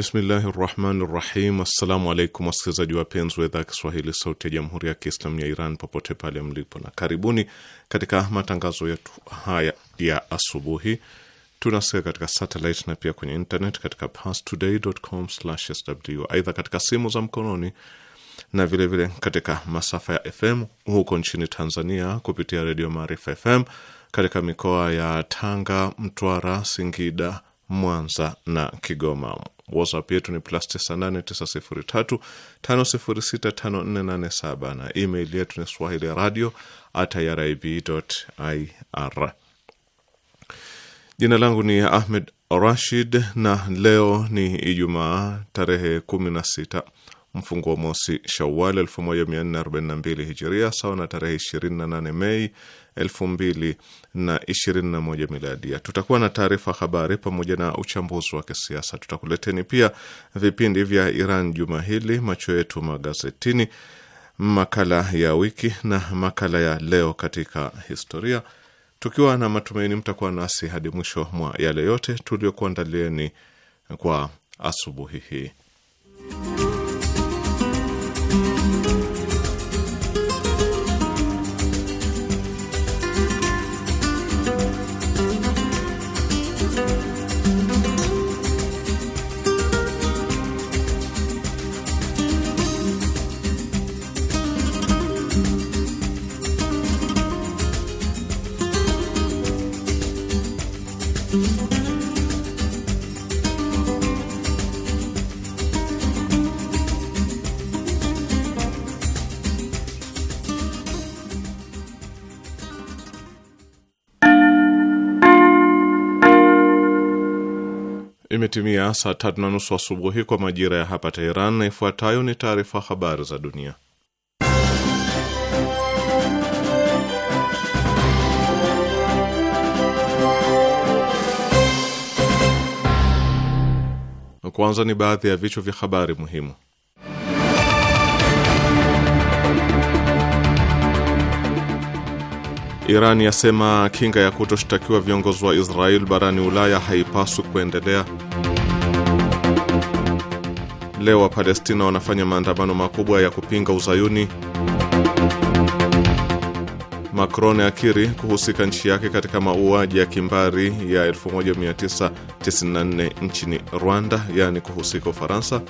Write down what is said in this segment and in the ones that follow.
Bismillahi rahmani rahim. Assalamu alaikum wasikilizaji wapenzi wa idhaa ya Kiswahili sauti ya jamhuri ya Kiislamu ya Iran popote pale mlipo, na karibuni katika matangazo yetu haya ya asubuhi. Tunasikia katika satellite na pia kwenye internet katika pastodaycom sw Aidha, katika simu za mkononi na vilevile vile katika masafa ya FM huko nchini Tanzania kupitia redio Maarifa FM katika mikoa ya Tanga, Mtwara, Singida, Mwanza na Kigoma. WhatsApp yetu ni plus 989035065487 na email yetu ni swahili radio at irib Jina langu ni Ahmed Rashid na leo ni Ijumaa tarehe 16 mfungo wa mosi Shawal 1442 hijiria sawa na tarehe 28 Mei elfu mbili na ishirini na moja miladia. Tutakuwa na taarifa habari pamoja na uchambuzi wa kisiasa. Tutakuleteni pia vipindi vya Iran juma hili, macho yetu magazetini, makala ya wiki na makala ya leo katika historia, tukiwa na matumaini mtakuwa nasi hadi mwisho mwa yale yote tuliokuandalieni kwa asubuhi hii. Imetimia saa tatu na nusu asubuhi kwa majira ya hapa Teheran, na ifuatayo ni taarifa habari za dunia. Kwanza ni baadhi ya vichwa vya habari muhimu. Iran yasema kinga ya kutoshtakiwa viongozi wa Israel barani Ulaya haipaswi kuendelea. Leo Wapalestina wanafanya maandamano makubwa ya kupinga uzayuni. Macron akiri kuhusika nchi yake katika mauaji ya kimbari ya 1994 nchini Rwanda, yaani kuhusika Ufaransa.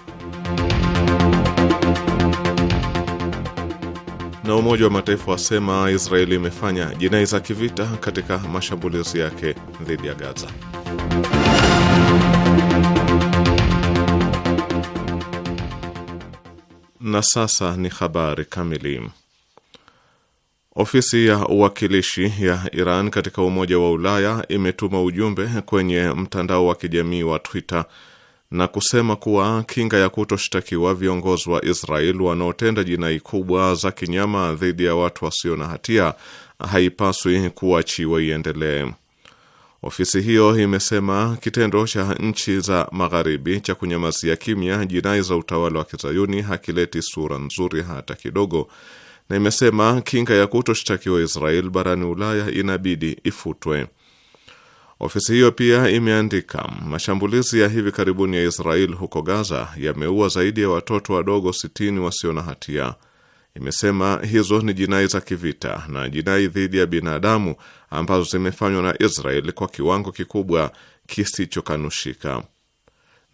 na Umoja wa Mataifa wasema Israeli imefanya jinai za kivita katika mashambulizi yake dhidi ya Gaza. Na sasa ni habari kamili. Ofisi ya uwakilishi ya Iran katika Umoja wa Ulaya imetuma ujumbe kwenye mtandao wa kijamii wa Twitter na kusema kuwa kinga ya kutoshtakiwa viongozi wa Israel wanaotenda jinai kubwa za kinyama dhidi ya watu wasio na hatia haipaswi kuachiwa iendelee. Ofisi hiyo imesema kitendo cha nchi za magharibi cha kunyamazia kimya jinai za utawala wa kizayuni hakileti sura nzuri hata kidogo, na imesema kinga ya kutoshtakiwa Israel barani Ulaya inabidi ifutwe. Ofisi hiyo pia imeandika mashambulizi ya hivi karibuni ya Israel huko Gaza yameua zaidi ya watoto wadogo sitini wasio na hatia. Imesema hizo ni jinai za kivita na jinai dhidi ya binadamu ambazo zimefanywa na Israel kwa kiwango kikubwa kisichokanushika.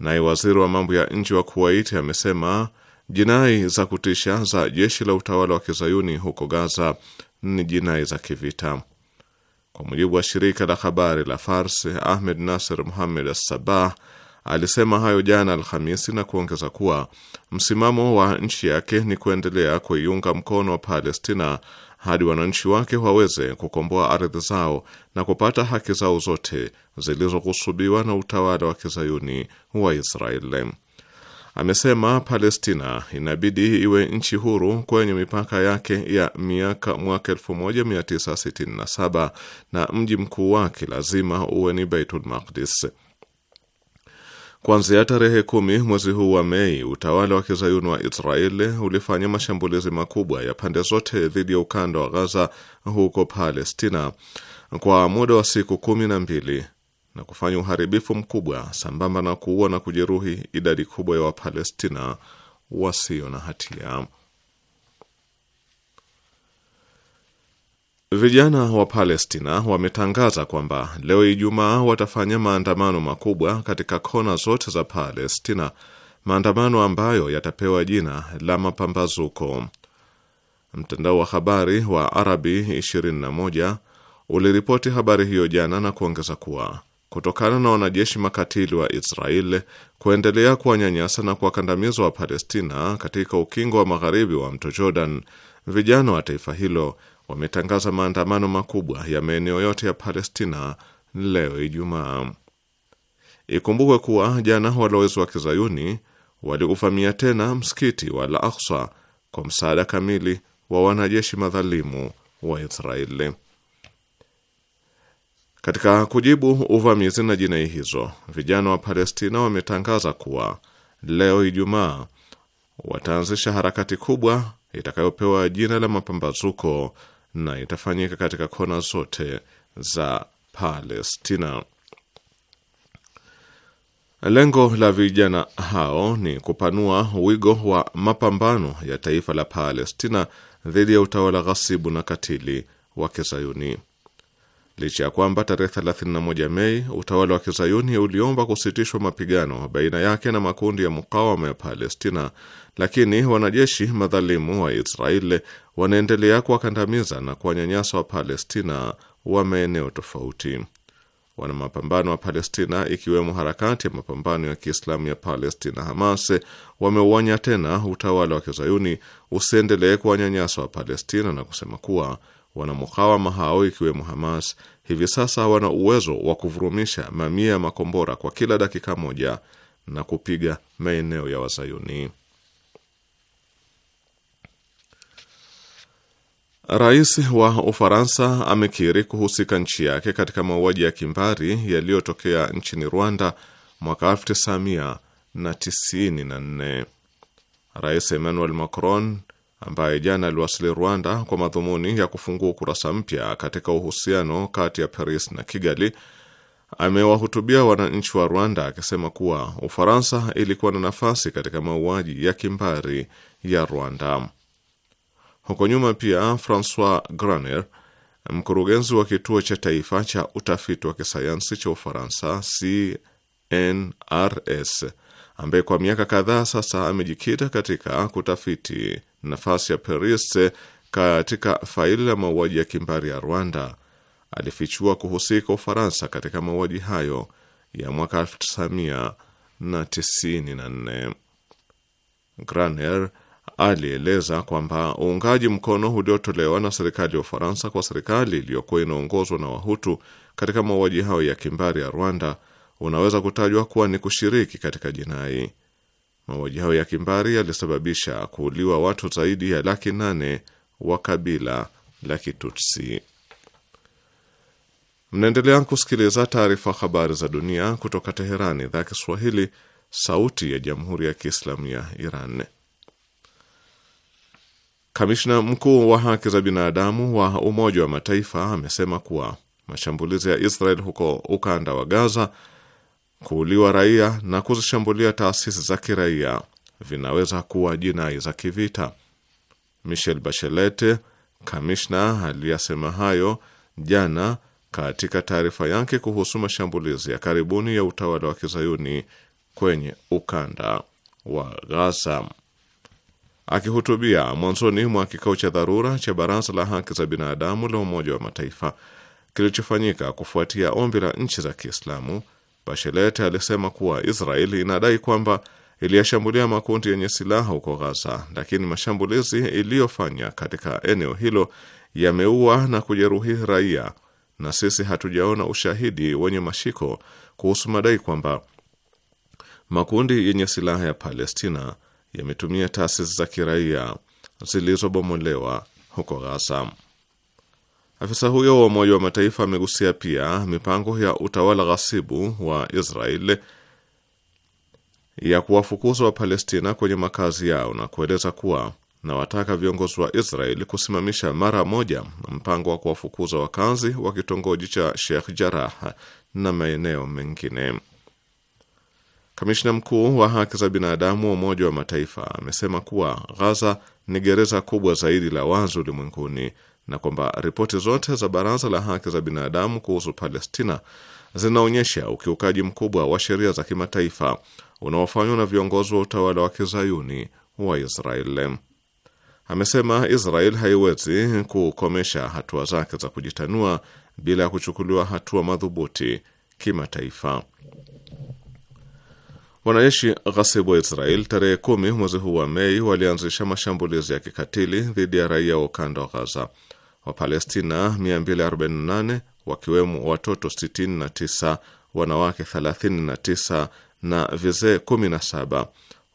Naye waziri wa mambo ya nje wa Kuwait amesema jinai za kutisha za jeshi la utawala wa kizayuni huko Gaza ni jinai za kivita. Kwa mujibu wa shirika la habari la Fars, Ahmed Nasser muhammed Assabah alisema hayo jana Alhamisi na kuongeza kuwa msimamo wa nchi yake ni kuendelea kuiunga mkono wa Palestina hadi wananchi wake waweze kukomboa ardhi zao na kupata haki zao zote zilizokusubiwa na utawala wa kizayuni wa Israeli amesema Palestina inabidi iwe nchi huru kwenye mipaka yake ya miaka mwaka 1967 na mji mkuu wake lazima uwe ni Baitul Maqdis. Kuanzia tarehe kumi mwezi huu wa Mei, utawala wa kizayuni wa Israeli ulifanya mashambulizi makubwa ya pande zote dhidi ya ukanda wa Ghaza huko Palestina kwa muda wa siku kumi na mbili na kufanya uharibifu mkubwa sambamba na kuua na kujeruhi idadi kubwa ya Wapalestina wasio na hatia. Vijana wa Palestina wametangaza kwamba leo Ijumaa watafanya maandamano makubwa katika kona zote za Palestina, maandamano ambayo yatapewa jina la mapambazuko. Mtandao wa habari wa Arabi 21 uliripoti habari hiyo jana na kuongeza kuwa kutokana na wanajeshi makatili wa Israeli kuendelea kuwanyanyasa na kuwakandamiza wa Palestina katika ukingo wa magharibi wa mto Jordan, vijana wa taifa hilo wametangaza maandamano makubwa ya maeneo yote ya Palestina leo Ijumaa. Ikumbukwe kuwa jana walowezi wa kizayuni waliuvamia tena msikiti wa Al-Aqsa kwa msaada kamili wa wanajeshi madhalimu wa Israeli. Katika kujibu uvamizi na jinai hizo, vijana wa Palestina wametangaza kuwa leo Ijumaa wataanzisha harakati kubwa itakayopewa jina la mapambazuko na itafanyika katika kona zote za Palestina. Lengo la vijana hao ni kupanua wigo wa mapambano ya taifa la Palestina dhidi ya utawala ghasibu na katili wa Kizayuni licha ya kwamba tarehe 31 Mei utawala wa kizayuni uliomba kusitishwa mapigano baina yake na makundi ya mukawama ya Palestina, lakini wanajeshi madhalimu wa Israeli wanaendelea kuwakandamiza na kuwanyanyasa wa Palestina wa maeneo tofauti. Wana mapambano wa Palestina, ikiwemo harakati ya mapambano ya Kiislamu ya Palestina, Hamas, wameuonya tena utawala wa kizayuni usiendelee kuwanyanyasa wa Palestina na kusema kuwa Wanamukawama hao ikiwemo Hamas hivi sasa wana uwezo wa kuvurumisha mamia ya makombora kwa kila dakika moja na kupiga maeneo ya Wazayuni. Rais wa Ufaransa amekiri kuhusika nchi yake katika mauaji ya kimbari yaliyotokea nchini Rwanda mwaka 1994. Rais Emmanuel Macron ambaye jana aliwasili Rwanda kwa madhumuni ya kufungua ukurasa mpya katika uhusiano kati ya Paris na Kigali, amewahutubia wananchi wa Rwanda akisema kuwa Ufaransa ilikuwa na nafasi katika mauaji ya kimbari ya Rwanda. Huko nyuma pia, Francois Graner, mkurugenzi wa kituo cha taifa cha utafiti wa kisayansi cha Ufaransa CNRS, ambaye kwa miaka kadhaa sasa amejikita katika kutafiti nafasi ya Perise katika faili la mauaji ya kimbari ya Rwanda, alifichua kuhusika Ufaransa katika mauaji hayo ya mwaka 1994. Graner alieleza kwamba uungaji mkono uliotolewa na serikali ya Ufaransa kwa serikali iliyokuwa inaongozwa na Wahutu katika mauaji hayo ya kimbari ya Rwanda unaweza kutajwa kuwa ni kushiriki katika jinai. Mauaji hayo ya kimbari yalisababisha kuuliwa watu zaidi ya laki nane wa kabila la Kitutsi. Mnaendelea kusikiliza taarifa habari za dunia kutoka Teherani, idhaa Kiswahili, sauti ya jamhuri ya kiislamu ya Iran. Kamishna mkuu wa haki za binadamu wa Umoja wa Mataifa amesema kuwa mashambulizi ya Israel huko ukanda wa Gaza Kuuliwa raia na kuzishambulia taasisi za kiraia vinaweza kuwa jinai za kivita. Michel Bachelet, kamishna aliyasema hayo jana katika taarifa yake kuhusu mashambulizi ya karibuni ya utawala wa kizayuni kwenye ukanda wa Gaza. Akihutubia mwanzoni mwa kikao cha dharura cha Baraza la Haki za Binadamu la Umoja wa Mataifa kilichofanyika kufuatia ombi la nchi za Kiislamu Bachelet alisema kuwa Israel inadai kwamba iliyashambulia makundi yenye silaha huko Ghaza, lakini mashambulizi iliyofanya katika eneo hilo yameua na kujeruhi raia, na sisi hatujaona ushahidi wenye mashiko kuhusu madai kwamba makundi yenye silaha ya Palestina yametumia taasisi za kiraia zilizobomolewa huko Ghaza. Afisa huyo wa Umoja wa Mataifa amegusia pia mipango ya utawala ghasibu wa Israeli ya kuwafukuza Wapalestina kwenye makazi yao na kueleza kuwa nawataka viongozi wa israel kusimamisha mara moja mpango wa kuwafukuza wakazi wa kitongoji cha Sheikh Jarah na maeneo mengine. Kamishna mkuu wa haki za binadamu wa Umoja wa Mataifa amesema kuwa Ghaza ni gereza kubwa zaidi la wazi ulimwenguni na kwamba ripoti zote za Baraza la Haki za Binadamu kuhusu Palestina zinaonyesha ukiukaji mkubwa wa sheria za kimataifa unaofanywa na viongozi wa utawala wa kizayuni wa Israel. Amesema Israel haiwezi kukomesha hatua zake za kujitanua bila ya kuchukuliwa hatua madhubuti kimataifa. Wanajeshi ghasibu wa Israel tarehe kumi mwezi huu wa Mei walianzisha mashambulizi ya kikatili dhidi ya raia wa ukanda wa Ghaza. Wapalestina 248 wakiwemo watoto 69, wanawake 39 na vizee 17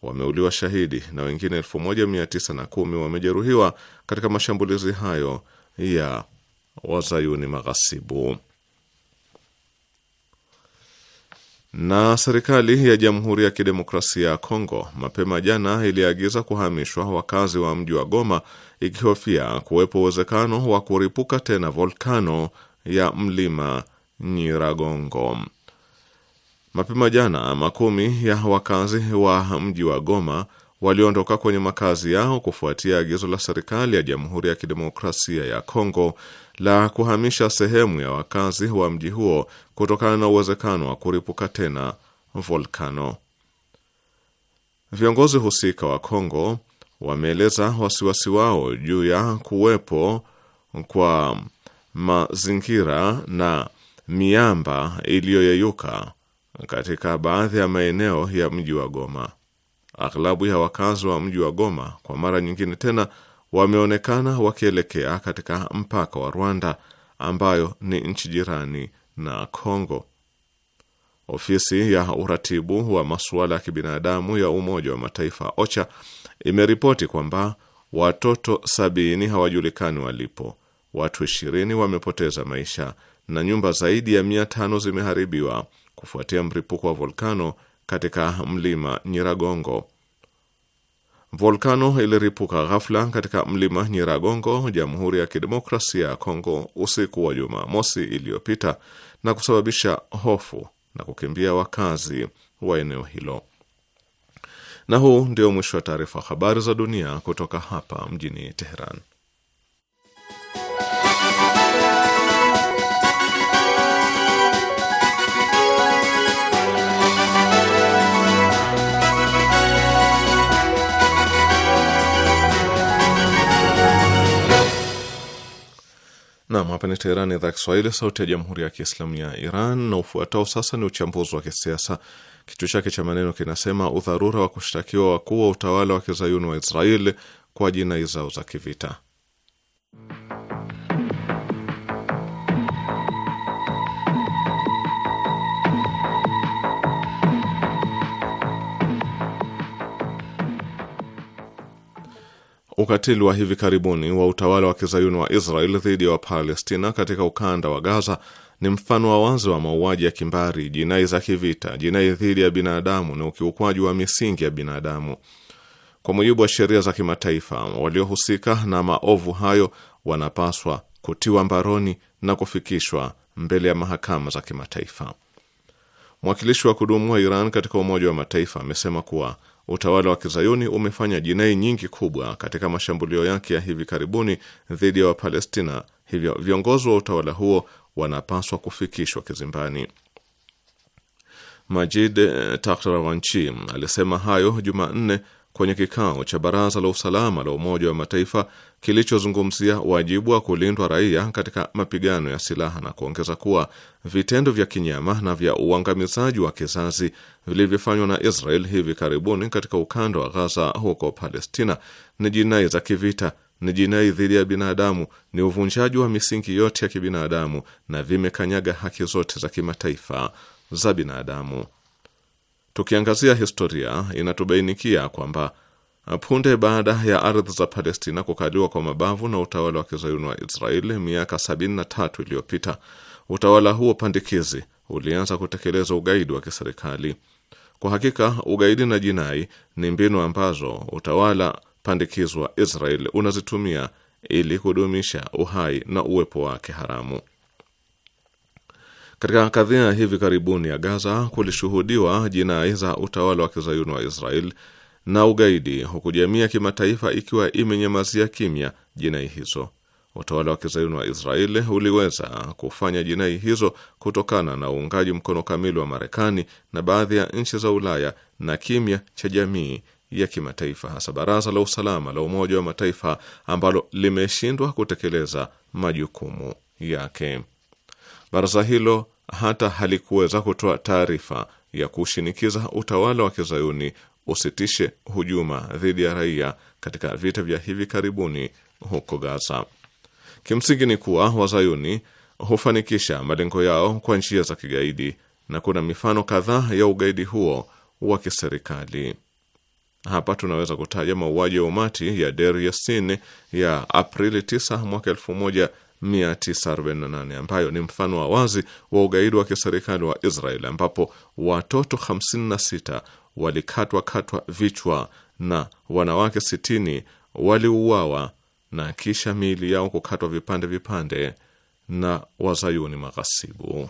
wameuliwa shahidi na wengine 1910 wamejeruhiwa katika mashambulizi hayo ya wazayuni maghasibu. Na serikali ya Jamhuri ya Kidemokrasia ya Kongo mapema jana iliagiza kuhamishwa wakazi wa mji wa Goma ikihofia kuwepo uwezekano wa kuripuka tena volkano ya mlima Nyiragongo. Mapema jana makumi ya wakazi wa mji wa Goma waliondoka kwenye makazi yao kufuatia agizo la serikali ya Jamhuri ya Kidemokrasia ya Kongo la kuhamisha sehemu ya wakazi wa mji huo kutokana na uwezekano wa kuripuka tena volkano. Viongozi husika wa Kongo wameeleza wasiwasi wao juu ya kuwepo kwa mazingira na miamba iliyoyeyuka katika baadhi ya maeneo ya mji wa Goma. Aghlabu ya wakazi wa mji wa Goma kwa mara nyingine tena wameonekana wakielekea katika mpaka wa Rwanda ambayo ni nchi jirani na Kongo. Ofisi ya uratibu wa masuala ya kibinadamu ya Umoja wa Mataifa OCHA imeripoti kwamba watoto sabini hawajulikani walipo, watu ishirini wamepoteza maisha na nyumba zaidi ya mia tano zimeharibiwa kufuatia mripuko wa volkano katika mlima Nyiragongo Volkano iliripuka ghafla katika mlima Nyiragongo, Jamhuri ya Kidemokrasia ya Kongo, usiku wa Jumamosi iliyopita na kusababisha hofu na kukimbia wakazi wa eneo hilo. Na huu ndio mwisho wa taarifa habari za dunia kutoka hapa mjini Teheran. Nam, hapa ni Teherani, idhaa Kiswahili, sauti ya jamhuri ya kiislamu ya Iran. Na ufuatao sasa ni uchambuzi wa kisiasa, kichwa chake cha maneno kinasema udharura wa kushtakiwa wakuu wa utawala wa kizayuni wa Israeli kwa jinai zao za kivita. Ukatili wa hivi karibuni wa utawala wa kizayuni wa Israel dhidi ya wa Wapalestina katika ukanda wa Gaza ni mfano wa wazi wa mauaji ya kimbari, jinai za kivita, jinai dhidi ya binadamu na ukiukwaji wa misingi ya binadamu. Kwa mujibu wa sheria za kimataifa, waliohusika na maovu hayo wanapaswa kutiwa mbaroni na kufikishwa mbele ya mahakama za kimataifa. Mwakilishi wa kudumu wa Iran katika Umoja wa Mataifa amesema kuwa Utawala wa kizayuni umefanya jinai nyingi kubwa katika mashambulio yake ya hivi karibuni dhidi ya Wapalestina, hivyo viongozi wa utawala huo wanapaswa kufikishwa kizimbani. Majid Tahtarawanchi alisema hayo Jumanne kwenye kikao cha Baraza la Usalama la Umoja wa Mataifa kilichozungumzia wajibu wa kulindwa raia katika mapigano ya silaha na kuongeza kuwa vitendo vya kinyama na vya uangamizaji wa kizazi vilivyofanywa na Israel hivi karibuni katika ukanda wa Gaza huko Palestina ni jinai za kivita, ni jinai dhidi ya binadamu, ni uvunjaji wa misingi yote ya kibinadamu na vimekanyaga haki zote za kimataifa za binadamu. Tukiangazia historia, inatubainikia kwamba punde baada ya ardhi za Palestina kukaliwa kwa mabavu na utawala wa kizayuni wa Israeli miaka 73 iliyopita, utawala huo pandikizi ulianza kutekeleza ugaidi wa kiserikali. Kwa hakika ugaidi na jinai ni mbinu ambazo utawala pandikizi wa Israeli unazitumia ili kudumisha uhai na uwepo wake haramu. Katika kadhia hivi karibuni ya Gaza kulishuhudiwa jinai za utawala wa kizayuni wa Israel na ugaidi, huku jamii ya kimataifa ikiwa imenyamazia kimya jinai hizo. Utawala wa kizayuni wa Israel uliweza kufanya jinai hizo kutokana na uungaji mkono kamili wa Marekani na baadhi ya nchi za Ulaya na kimya cha jamii ya kimataifa, hasa Baraza la Usalama la Umoja wa Mataifa ambalo limeshindwa kutekeleza majukumu yake. Baraza hilo hata halikuweza kutoa taarifa ya kushinikiza utawala wa kizayuni usitishe hujuma dhidi ya raia katika vita vya hivi karibuni huko Gaza. Kimsingi ni kuwa wazayuni hufanikisha malengo yao kwa njia za kigaidi na kuna mifano kadhaa ya ugaidi huo wa kiserikali. Hapa tunaweza kutaja mauaji ya umati ya Der Yassin ya Aprili 9 mwaka 948 ambayo ni mfano wa wazi wa ugaidi wa kiserikali wa Israel ambapo watoto 56 walikatwa katwa vichwa na wanawake 60 waliuawa na kisha miili yao kukatwa vipande vipande na wazayuni maghasibu.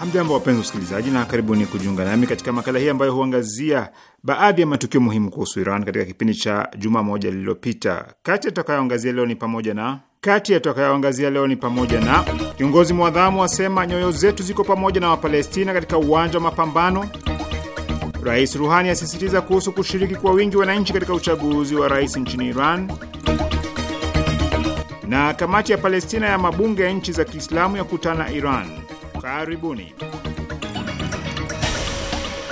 Hamjambo, wapenzi usikilizaji na karibuni kujiunga nami katika makala hii ambayo huangazia baadhi ya matukio muhimu kuhusu Iran katika kipindi cha juma moja lililopita. Kati ya tutakayoangazia leo ni pamoja na kati ya tutakayoangazia leo ni pamoja na kiongozi mwadhamu asema nyoyo zetu ziko pamoja na Wapalestina katika uwanja wa mapambano. Rais Ruhani asisitiza kuhusu kushiriki kwa wingi wananchi katika uchaguzi wa rais nchini Iran, na kamati ya Palestina ya mabunge ya nchi za Kiislamu ya kutana Iran. Karibuni.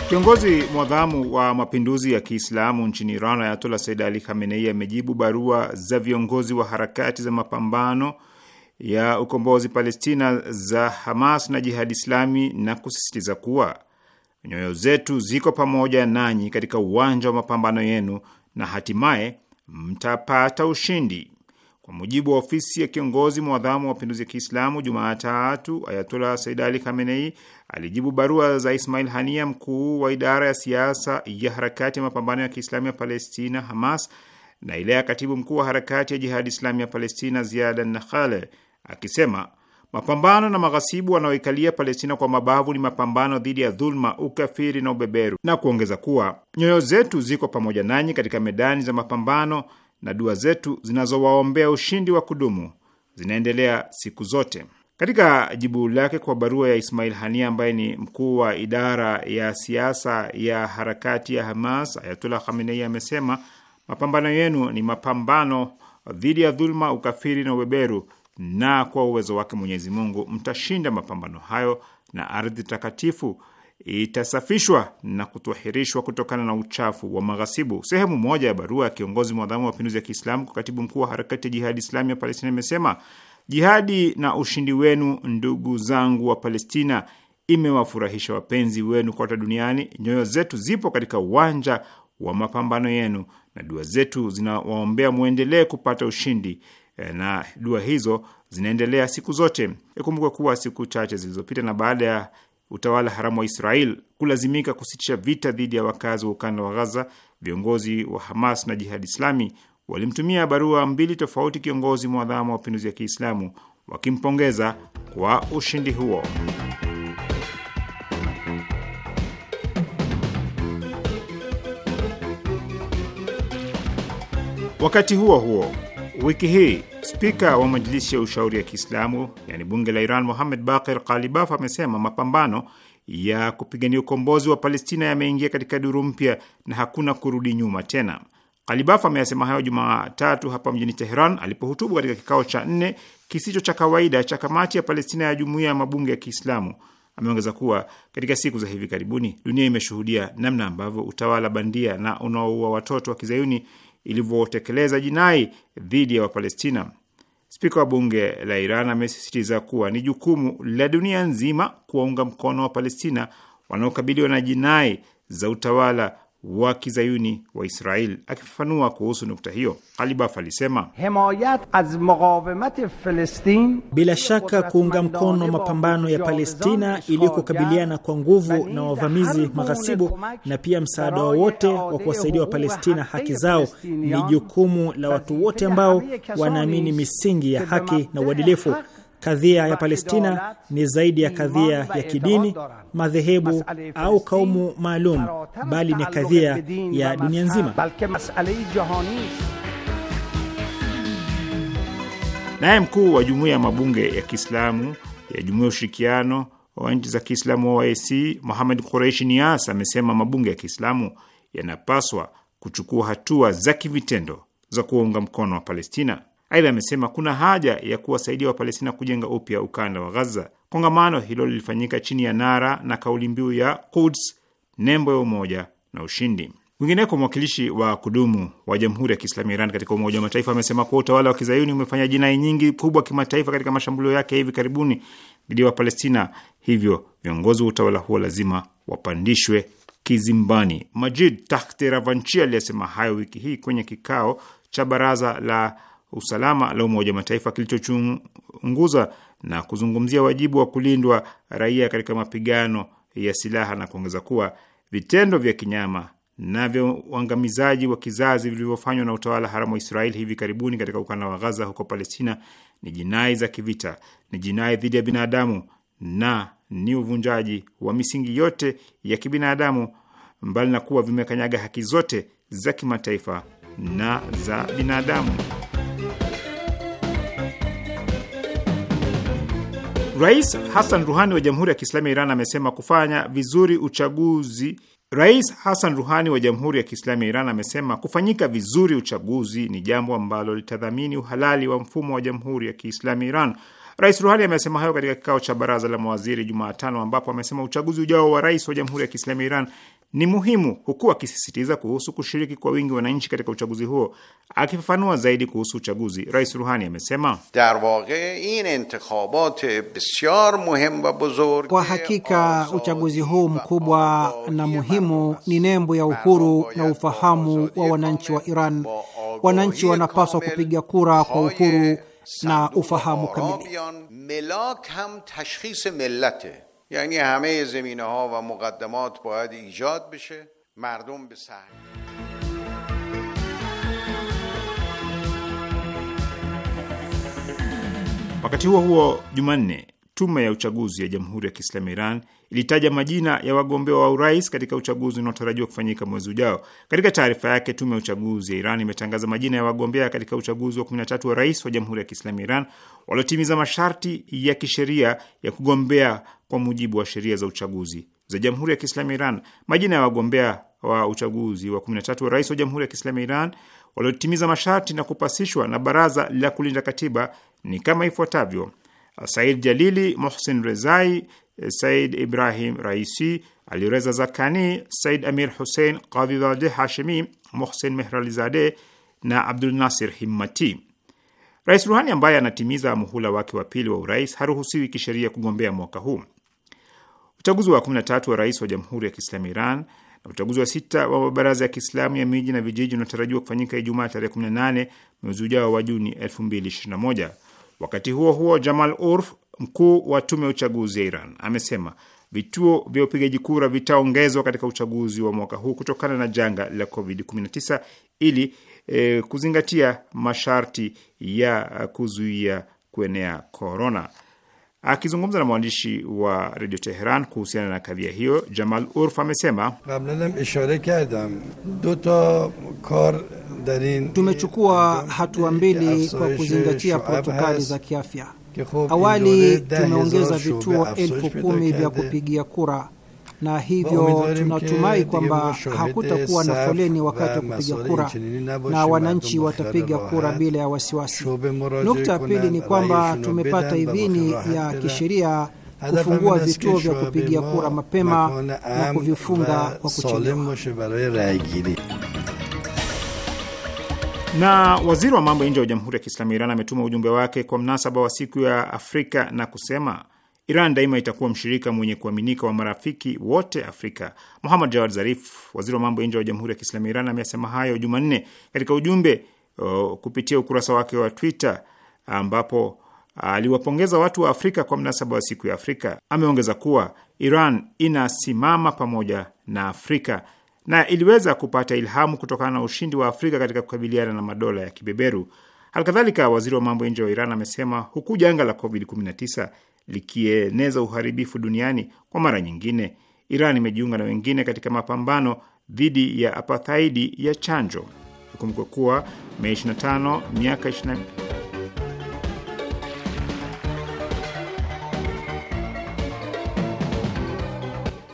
Kiongozi mwadhamu wa mapinduzi ya Kiislamu nchini Iran, Ayatollah Said Ali Khamenei amejibu barua za viongozi wa harakati za mapambano ya ukombozi Palestina za Hamas na Jihadi Islami na kusisitiza kuwa nyoyo zetu ziko pamoja nanyi katika uwanja wa mapambano yenu na hatimaye mtapata ushindi. Kwa mujibu wa ofisi ya kiongozi mwadhamu wa mapinduzi ya Kiislamu, Jumatatu Ayatola Said Ali Khamenei alijibu barua za Ismail Hania, mkuu wa idara ya siasa ya harakati ya mapambano ya Kiislamu ya Palestina, Hamas, na ile ya katibu mkuu wa harakati ya Jihadi Islami ya Palestina, Ziada Nakhale, akisema mapambano na maghasibu wanaoikalia Palestina kwa mabavu ni mapambano dhidi ya dhulma ukafiri na ubeberu, na kuongeza kuwa nyoyo zetu ziko pamoja nanyi katika medani za mapambano na dua zetu zinazowaombea ushindi wa kudumu zinaendelea siku zote. Katika jibu lake kwa barua ya Ismail Hania ambaye ni mkuu wa idara ya siasa ya harakati ya Hamas, Ayatullah Khamenei amesema mapambano yenu ni mapambano dhidi ya dhuluma, ukafiri na ubeberu, na kwa uwezo wake Mwenyezi Mungu mtashinda mapambano hayo na ardhi takatifu itasafishwa na kutwahirishwa kutokana na uchafu wa maghasibu. Sehemu moja ya barua ya kiongozi mwadhamu wa mapinduzi ya Kiislamu kwa katibu mkuu wa harakati ya Jihadi Islami ya Palestina imesema jihadi na ushindi wenu, ndugu zangu wa Palestina, imewafurahisha wapenzi wenu kote duniani. Nyoyo zetu zipo katika uwanja wa mapambano yenu na dua zetu zinawaombea mwendelee kupata ushindi eh, na dua hizo zinaendelea siku zote. Ikumbukwe kuwa siku chache zilizopita na baada ya utawala haramu wa Israel kulazimika kusitisha vita dhidi ya wakazi wa ukanda wa Ghaza, viongozi wa Hamas na Jihadi Islami walimtumia barua mbili tofauti kiongozi mwadhamu wa mapinduzi ya Kiislamu wakimpongeza kwa ushindi huo. Wakati huo huo Wiki hii spika wa Majlisi ya ushauri ya Kiislamu, yani bunge la Iran, Mohamed Bakir Kalibaf amesema mapambano ya kupigania ukombozi wa Palestina yameingia katika duru mpya na hakuna kurudi nyuma tena. Kalibaf ameyasema hayo Jumatatu hapa mjini Teheran alipohutubu katika kikao cha nne kisicho cha kawaida cha kamati ya Palestina ya jumuiya ya mabunge ya Kiislamu. Ameongeza kuwa katika siku za hivi karibuni dunia imeshuhudia namna ambavyo utawala bandia na unaoua watoto wa kizayuni ilivyotekeleza jinai dhidi ya Wapalestina. Spika wa bunge la Iran amesisitiza kuwa ni jukumu la dunia nzima kuwaunga mkono wa Palestina wanaokabiliwa na jinai za utawala wa kizayuni wa Israel. Akifafanua kuhusu nukta hiyo, Alibaf alisema bila shaka kuunga mkono mapambano ya Palestina ili kukabiliana kwa nguvu na wavamizi maghasibu, na pia msaada wowote wa kuwasaidia Wapalestina haki zao ni jukumu la watu wote ambao wanaamini misingi ya haki na uadilifu. Kadhia ya Palestina ni zaidi ya kadhia ya kidini, madhehebu au kaumu maalum, bali ni kadhia ya dunia nzima. Naye mkuu wa jumuiya ya mabunge ya Kiislamu ya jumuiya ya ushirikiano wa nchi za Kiislamu OIC muhamed Qureishi Nias amesema mabunge ya Kiislamu yanapaswa kuchukua hatua za kivitendo za kuwaunga mkono wa Palestina. Aidha amesema kuna haja ya kuwasaidia Wapalestina kujenga upya ukanda wa Ghaza. Kongamano hilo lilifanyika chini ya nara na kauli mbiu ya Quds, nembo ya umoja na ushindi. Kwingineko, mwakilishi wa kudumu wa Jamhuri ya Kiislamu ya Iran katika Umoja wa Mataifa amesema kuwa utawala wa kizayuni umefanya jinai nyingi kubwa kimataifa katika mashambulio yake hivi karibuni dhidi ya Wapalestina, hivyo viongozi wa utawala huo lazima wapandishwe kizimbani. Majid Tahteravanchi aliyesema hayo wiki hii kwenye kikao cha baraza la usalama la Umoja wa Mataifa kilichochunguza na kuzungumzia wajibu wa kulindwa raia katika mapigano ya silaha na kuongeza kuwa vitendo vya kinyama na vya uangamizaji wa kizazi vilivyofanywa na utawala haramu wa Israeli hivi karibuni katika ukanda wa Gaza huko Palestina ni jinai za kivita, ni jinai dhidi ya binadamu na ni uvunjaji wa misingi yote ya kibinadamu, mbali na kuwa vimekanyaga haki zote za kimataifa na za binadamu. Rais Hassan Ruhani wa Jamhuri ya Kiislamu ya Iran amesema kufanya vizuri uchaguzi Rais Hassan Ruhani wa Jamhuri ya Kiislamu ya Iran amesema kufanyika vizuri uchaguzi ni jambo ambalo litadhamini uhalali wa mfumo wa Jamhuri ya Kiislamu ya Iran. Rais Ruhani amesema hayo katika kikao cha baraza la mawaziri Jumatano, ambapo amesema uchaguzi ujao wa rais wa Jamhuri ya Kiislamu ya Iran ni muhimu, huku akisisitiza kuhusu kushiriki kwa wingi wananchi katika uchaguzi huo. Akifafanua zaidi kuhusu uchaguzi, Rais Ruhani amesema kwa hakika uchaguzi huu mkubwa na muhimu ni nembo ya uhuru na ufahamu wa wananchi wa Iran. Wananchi wanapaswa kupiga kura kwa uhuru na ufahamu kamili. یعنی همه زمینه ها و مقدمات باید ایجاد بشه مردم به سعی Wakati huo huo, Jumanne, tume ya uchaguzi ya Jamhuri ya Kiislamu Iran ilitaja majina ya wagombea wa urais katika uchaguzi unaotarajiwa kufanyika mwezi ujao. Katika taarifa yake, tume ya uchaguzi ya Iran imetangaza majina ya wagombea katika uchaguzi wa 13 wa rais wa Jamhuri ya Kiislamu Iran waliotimiza masharti ya kisheria ya kugombea kwa mujibu wa sheria za uchaguzi za Jamhuri ya Kiislamu ya Iran. Majina ya wagombea wa uchaguzi wa 13 wa rais wa Jamhuri ya Kiislamu ya Iran waliotimiza masharti na kupasishwa na Baraza la Kulinda Katiba ni kama ifuatavyo: Said Jalili, Mohsen Rezai, Said Ibrahim Raisi, Alireza Zakani, Said Amir Hussein Qadhizadeh Hashimi, Mohsen Mehralizade na Abdul Nasir Himmati. Rais Ruhani ambaye anatimiza muhula wake wa pili wa urais haruhusiwi kisheria kugombea mwaka huu uchaguzi wa 13 wa rais wa Jamhuri ya Kiislamu Iran na uchaguzi wa sita wa mabaraza ya Kiislamu ya miji na vijiji unatarajiwa kufanyika Ijumaa tarehe 18 mwezi ujao wa Juni 2021. Wakati huo huo, Jamal Urf, mkuu wa tume ya uchaguzi ya Iran, amesema vituo vya upigaji kura vitaongezwa katika uchaguzi wa mwaka huu kutokana na janga la COVID-19 ili e, kuzingatia masharti ya kuzuia kuenea korona. Akizungumza na mwandishi wa redio Teheran kuhusiana na kadhia hiyo, Jamal Urf amesema tumechukua hatua mbili kwa kuzingatia protokali za kiafya. Awali tumeongeza vituo elfu kumi vya kupigia kura na hivyo tunatumai kwamba hakutakuwa na foleni wakati wa kupiga kura na wananchi watapiga kura bila ya wasiwasi. Nukta ya pili ni kwamba tumepata idhini ya kisheria kufungua vituo vya kupigia kura mapema na kuvifunga kwa kuchelewa. Na waziri wa mambo ya nje wa Jamhuri ya Kiislamu ya Iran ametuma ujumbe wake kwa mnasaba wa siku ya Afrika na kusema Iran daima itakuwa mshirika mwenye kuaminika wa marafiki wote Afrika. Muhammad Jawad Zarif, waziri wa mambo ya nje wa Jamhuri ya Kiislamu ya Iran, amesema hayo Jumanne katika ujumbe uh, kupitia ukurasa wake wa Twitter ambapo aliwapongeza watu wa Afrika kwa mnasaba wa siku ya Afrika. Ameongeza kuwa Iran inasimama pamoja na Afrika na iliweza kupata ilhamu kutokana na ushindi wa Afrika katika kukabiliana na madola ya kibeberu. Halikadhalika, waziri wa mambo ya nje wa Iran amesema huku janga la COVID-19 likieneza uharibifu duniani. Kwa mara nyingine, Iran imejiunga na wengine katika mapambano dhidi ya apathaidi ya chanjo. Ikumbukwe kuwa Mei 25 miaka 20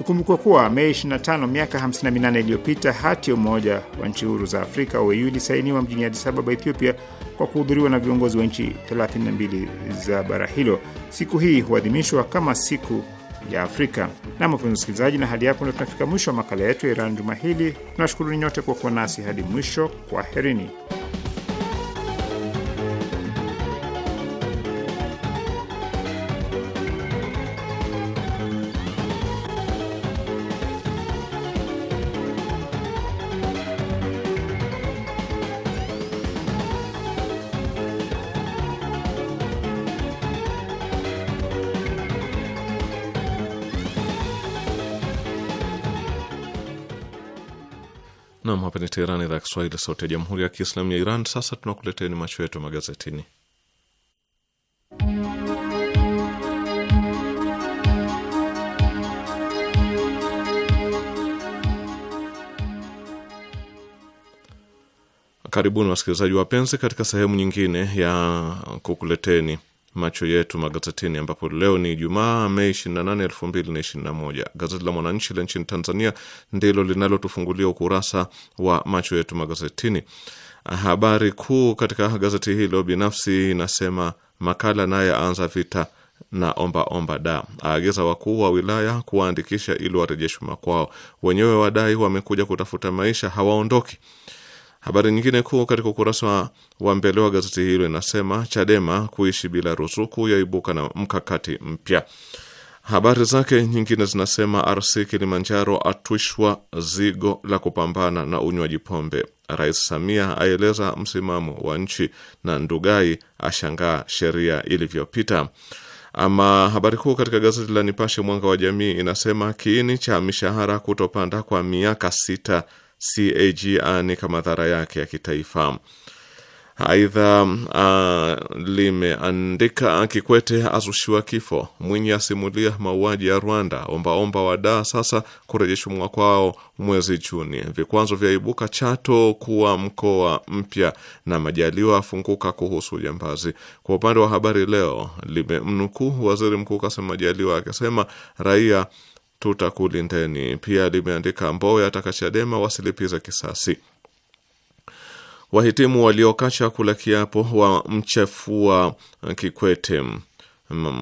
Kumbukwa kuwa Mei 25 miaka 58 iliyopita hati ya Umoja wa Nchi Huru za Afrika au AU e, ilisainiwa mjini adisababa Ababa, Ethiopia kwa kuhudhuriwa na viongozi wa nchi 32 za bara hilo. Siku hii huadhimishwa kama siku ya Afrika. Na mapenzi msikilizaji, na hadi yapo ndio tunafika mwisho wa makala yetu ya Iran juma hili. Tunashukuruni nyote kwa kuwa nasi hadi mwisho. Kwaherini. Teherani, idhaa ya Kiswahili, sauti ya jamhuri ya kiislamu ya Iran. Sasa tunakuleteni macho yetu magazetini. Karibuni wasikilizaji wapenzi, katika sehemu nyingine ya kukuleteni macho yetu magazetini, ambapo leo ni Jumaa, Mei 28, 2021. Gazeti la Mwananchi la nchini Tanzania ndilo linalotufungulia ukurasa wa macho yetu magazetini. Habari kuu katika gazeti hilo binafsi inasema makala naye aanza vita na omba omba da aagiza wakuu wa wilaya kuwaandikisha ili warejeshwe makwao. Wenyewe wadai wamekuja kutafuta maisha, hawaondoki. Habari nyingine kuu katika ukurasa wa mbele wa gazeti hilo inasema Chadema kuishi bila ruzuku yaibuka na mkakati mpya. Habari zake nyingine zinasema RC Kilimanjaro atwishwa zigo la kupambana na unywaji pombe. Rais Samia aeleza msimamo wa nchi na Ndugai ashangaa sheria ilivyopita. Ama habari kuu katika gazeti la Nipashe mwanga wa jamii inasema kiini cha mishahara kutopanda kwa miaka sita CAG aanika ah, madhara yake ya kitaifa. Aidha, uh, limeandika Kikwete azushiwa kifo, Mwinyi asimulia mauaji ya Rwanda, ombaomba wadaa sasa kurejeshwa mwakwao mwezi Juni, vikwazo vya ibuka Chato kuwa mkoa mpya, na Majaliwa afunguka kuhusu ujambazi. Kwa upande wa habari leo, limemnukuu waziri mkuu Kassim Majaliwa akisema raia tutakulindeni. Pia limeandika Mbowe ataka Chadema wasilipiza kisasi. Wahitimu waliokaa chakula kiapo wa mchefua Kikwete.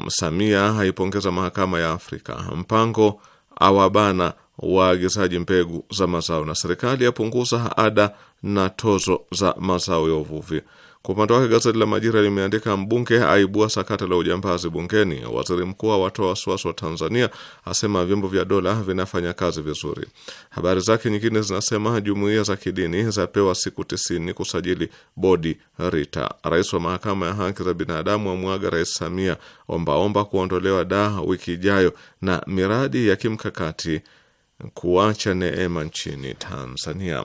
Samia haipongeza mahakama ya Afrika. Mpango awabana waagizaji mbegu za mazao, na serikali yapunguza ada na tozo za mazao ya uvuvi. Kwa upande wake gazeti la Majira limeandika mbunge aibua sakata la ujambazi bungeni, waziri mkuu awatoa wasiwasi wa Tanzania, asema vyombo vya dola vinafanya kazi vizuri. Habari zake nyingine zinasema jumuiya za kidini zapewa siku tisini kusajili bodi RITA. Rais wa mahakama ya haki za binadamu amwaga Rais Samia ombaomba kuondolewa daa wiki ijayo, na miradi ya kimkakati kuacha neema nchini Tanzania.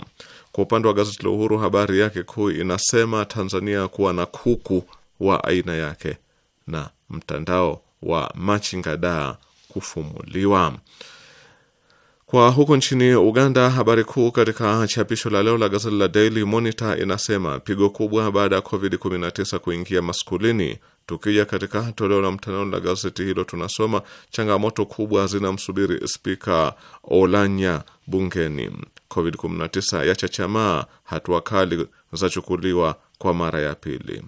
Kwa upande wa gazeti la Uhuru, habari yake kuu inasema Tanzania kuwa na kuku wa aina yake na mtandao wa machingada kufumuliwa. Kwa huko nchini Uganda, habari kuu katika chapisho la leo la gazeti la Daily Monitor inasema pigo kubwa baada ya COVID-19 kuingia maskulini. Tukija katika toleo la mtandao la gazeti hilo tunasoma changamoto kubwa zinamsubiri Spika Olanya bungeni. COVID-19 yachachamaa, hatua kali zachukuliwa kwa mara ya pili.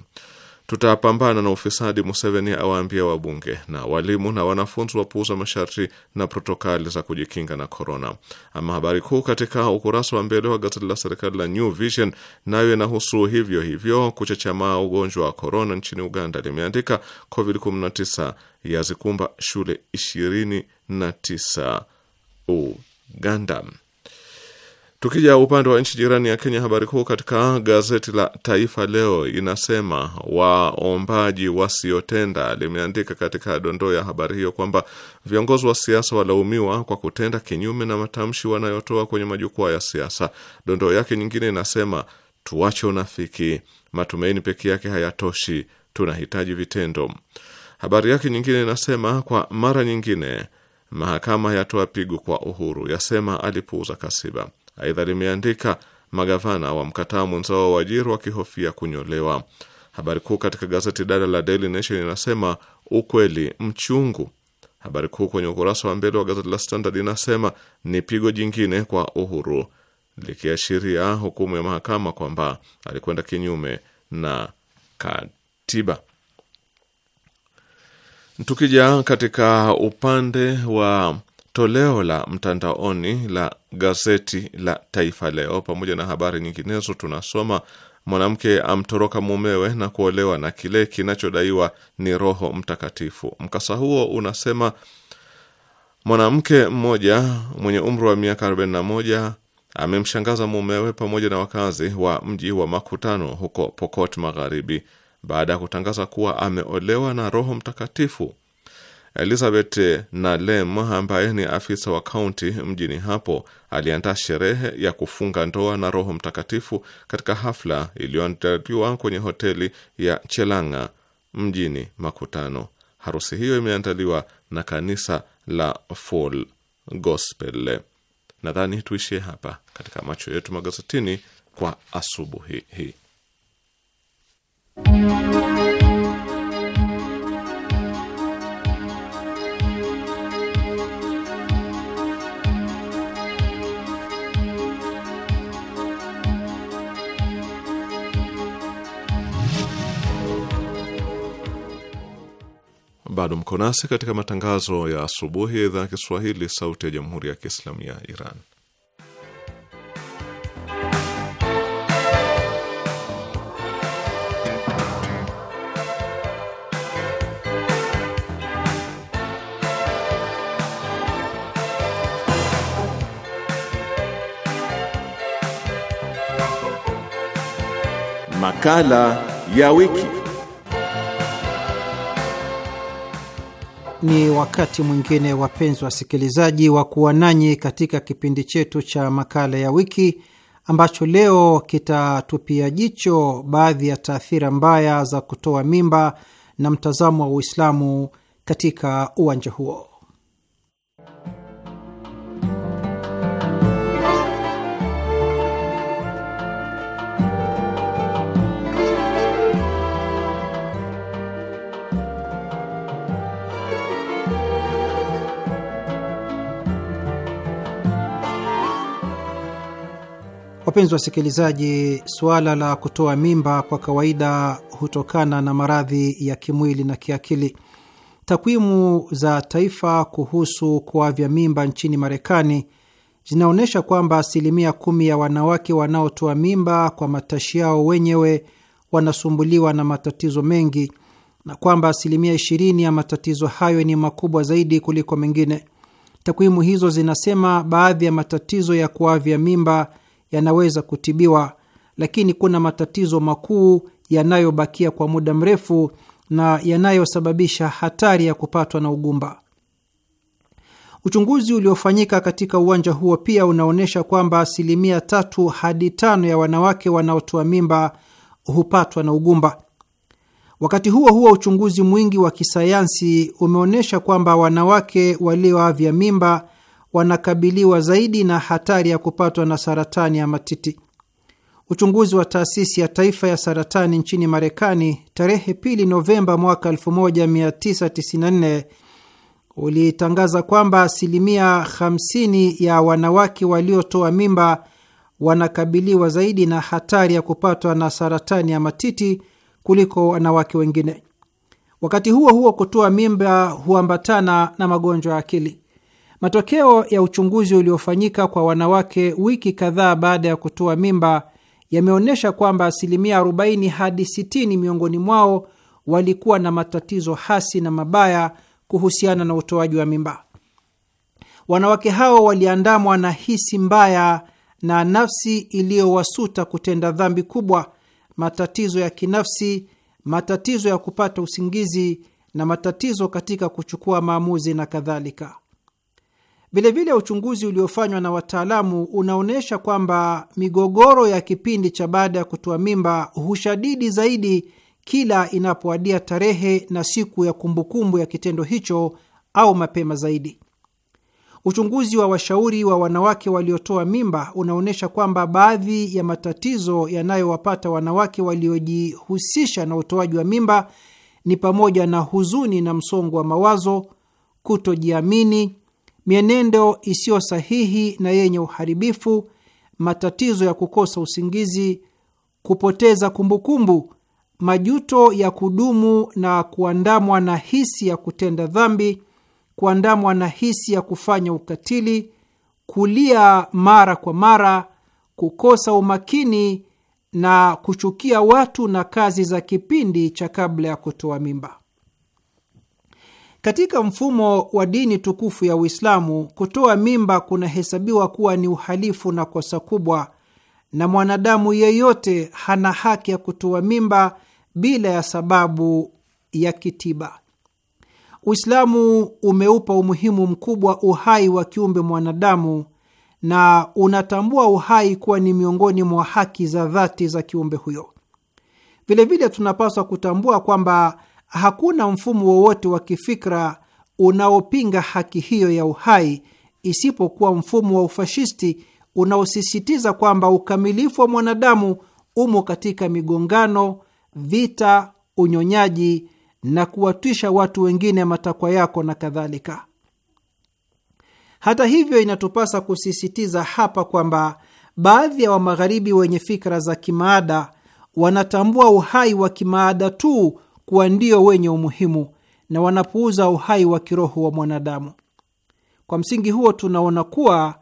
Tutapambana na ufisadi, Museveni awaambia wabunge. Na walimu na wanafunzi wapuuza masharti na protokali za kujikinga na korona. Ama habari kuu katika ukurasa wa mbele wa gazeti la serikali la New Vision nayo inahusu hivyo hivyo kuchachamaa ugonjwa wa korona nchini Uganda. Limeandika COVID-19 yazikumba shule 29 u Uganda. Tukija upande wa nchi jirani ya Kenya, habari kuu katika gazeti la Taifa Leo inasema waombaji wasiotenda. Limeandika katika dondoo ya habari hiyo kwamba viongozi wa siasa walaumiwa kwa kutenda kinyume na matamshi wanayotoa kwenye majukwaa ya siasa. Dondoo yake nyingine inasema tuache unafiki, matumaini peke yake hayatoshi, tunahitaji vitendo. Habari yake nyingine inasema kwa mara nyingine Mahakama yatoa pigo kwa Uhuru, yasema alipuuza kasiba. Aidha limeandika magavana wamkataa mwenzao wa Wajiri wakihofia kunyolewa. Habari kuu katika gazeti dada la Daily Nation inasema ukweli mchungu. Habari kuu kwenye ukurasa wa mbele wa gazeti la Standard inasema ni pigo jingine kwa Uhuru, likiashiria hukumu ya mahakama kwamba alikwenda kinyume na katiba. Tukija katika upande wa toleo la mtandaoni la gazeti la Taifa Leo, pamoja na habari nyinginezo, tunasoma mwanamke amtoroka mumewe na kuolewa na kile kinachodaiwa ni Roho Mtakatifu. Mkasa huo unasema mwanamke mmoja mwenye umri wa miaka 41 amemshangaza mumewe pamoja na wakazi wa mji wa Makutano huko Pokot Magharibi baada ya kutangaza kuwa ameolewa na Roho Mtakatifu. Elizabeth Nalem ambaye ni afisa wa kaunti mjini hapo aliandaa sherehe ya kufunga ndoa na Roho Mtakatifu katika hafla iliyoandaliwa kwenye hoteli ya Chelanga mjini Makutano. Harusi hiyo imeandaliwa na kanisa la Full Gospel. Nadhani tuishie hapa katika macho yetu magazetini kwa asubuhi hii. Bado mko nasi katika matangazo ya asubuhi ya idhaa ya Kiswahili, sauti ya jamhuri ya kiislamu ya Iran. Makala ya wiki. Ni wakati mwingine, wapenzi wasikilizaji, wa kuwa nanyi katika kipindi chetu cha makala ya wiki ambacho leo kitatupia jicho baadhi ya taathira mbaya za kutoa mimba na mtazamo wa Uislamu katika uwanja huo. Wapenzi wasikilizaji, suala la kutoa mimba kwa kawaida hutokana na maradhi ya kimwili na kiakili. Takwimu za taifa kuhusu kuavya mimba nchini Marekani zinaonyesha kwamba asilimia kumi ya wanawake wanaotoa mimba kwa matashi yao wenyewe wanasumbuliwa na matatizo mengi na kwamba asilimia ishirini ya matatizo hayo ni makubwa zaidi kuliko mengine. Takwimu hizo zinasema baadhi ya matatizo ya kuavya mimba yanaweza kutibiwa, lakini kuna matatizo makuu yanayobakia kwa muda mrefu na yanayosababisha hatari ya kupatwa na ugumba. Uchunguzi uliofanyika katika uwanja huo pia unaonyesha kwamba asilimia tatu hadi tano ya wanawake wanaotoa mimba hupatwa na ugumba. Wakati huo huo, uchunguzi mwingi wa kisayansi umeonyesha kwamba wanawake walioavya mimba wanakabiliwa zaidi na hatari ya kupatwa na saratani ya matiti. Uchunguzi wa taasisi ya taifa ya saratani nchini Marekani tarehe pili Novemba mwaka 1994 ulitangaza kwamba asilimia 50 ya wanawake waliotoa mimba wanakabiliwa zaidi na hatari ya kupatwa na saratani ya matiti kuliko wanawake wengine. Wakati huo huo, kutoa mimba huambatana na magonjwa ya akili. Matokeo ya uchunguzi uliofanyika kwa wanawake wiki kadhaa baada ya kutoa mimba yameonyesha kwamba asilimia 40 hadi 60 miongoni mwao walikuwa na matatizo hasi na mabaya kuhusiana na utoaji wa mimba. Wanawake hao waliandamwa na hisi mbaya na nafsi iliyowasuta kutenda dhambi kubwa, matatizo ya kinafsi, matatizo ya kupata usingizi na matatizo katika kuchukua maamuzi na kadhalika. Vilevile, uchunguzi uliofanywa na wataalamu unaonyesha kwamba migogoro ya kipindi cha baada ya kutoa mimba hushadidi zaidi kila inapoadia tarehe na siku ya kumbukumbu ya kitendo hicho au mapema zaidi. Uchunguzi wa washauri wa wanawake waliotoa mimba unaonyesha kwamba baadhi ya matatizo yanayowapata wanawake waliojihusisha na utoaji wa mimba ni pamoja na huzuni na msongo wa mawazo, kutojiamini mienendo isiyo sahihi na yenye uharibifu, matatizo ya kukosa usingizi, kupoteza kumbukumbu, majuto ya kudumu na kuandamwa na hisi ya kutenda dhambi, kuandamwa na hisi ya kufanya ukatili, kulia mara kwa mara, kukosa umakini na kuchukia watu na kazi za kipindi cha kabla ya kutoa mimba. Katika mfumo wa dini tukufu ya Uislamu, kutoa mimba kunahesabiwa kuwa ni uhalifu na kosa kubwa, na mwanadamu yeyote hana haki ya kutoa mimba bila ya sababu ya kitiba. Uislamu umeupa umuhimu mkubwa uhai wa kiumbe mwanadamu na unatambua uhai kuwa ni miongoni mwa haki za dhati za kiumbe huyo. Vilevile tunapaswa kutambua kwamba hakuna mfumo wowote wa kifikra unaopinga haki hiyo ya uhai isipokuwa mfumo wa ufashisti unaosisitiza kwamba ukamilifu wa mwanadamu umo katika migongano, vita, unyonyaji na kuwatwisha watu wengine matakwa yako na kadhalika. Hata hivyo, inatupasa kusisitiza hapa kwamba baadhi ya Wamagharibi wenye fikra za kimaada wanatambua uhai wa kimaada tu kuwa ndio wenye umuhimu na wanapuuza uhai wa kiroho wa mwanadamu. Kwa msingi huo, tunaona kuwa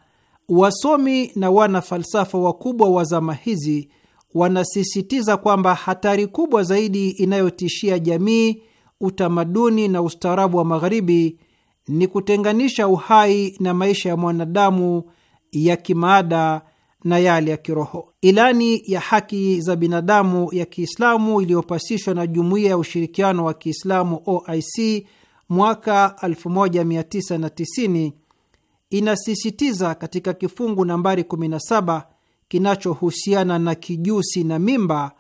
wasomi na wana falsafa wakubwa wa zama hizi wanasisitiza kwamba hatari kubwa zaidi inayotishia jamii, utamaduni na ustaarabu wa Magharibi ni kutenganisha uhai na maisha ya mwanadamu ya kimaada na yale ya kiroho. Ilani ya haki za binadamu ya Kiislamu iliyopasishwa na Jumuiya ya Ushirikiano wa Kiislamu OIC mwaka 1990 inasisitiza katika kifungu nambari 17 kinachohusiana na kijusi na mimba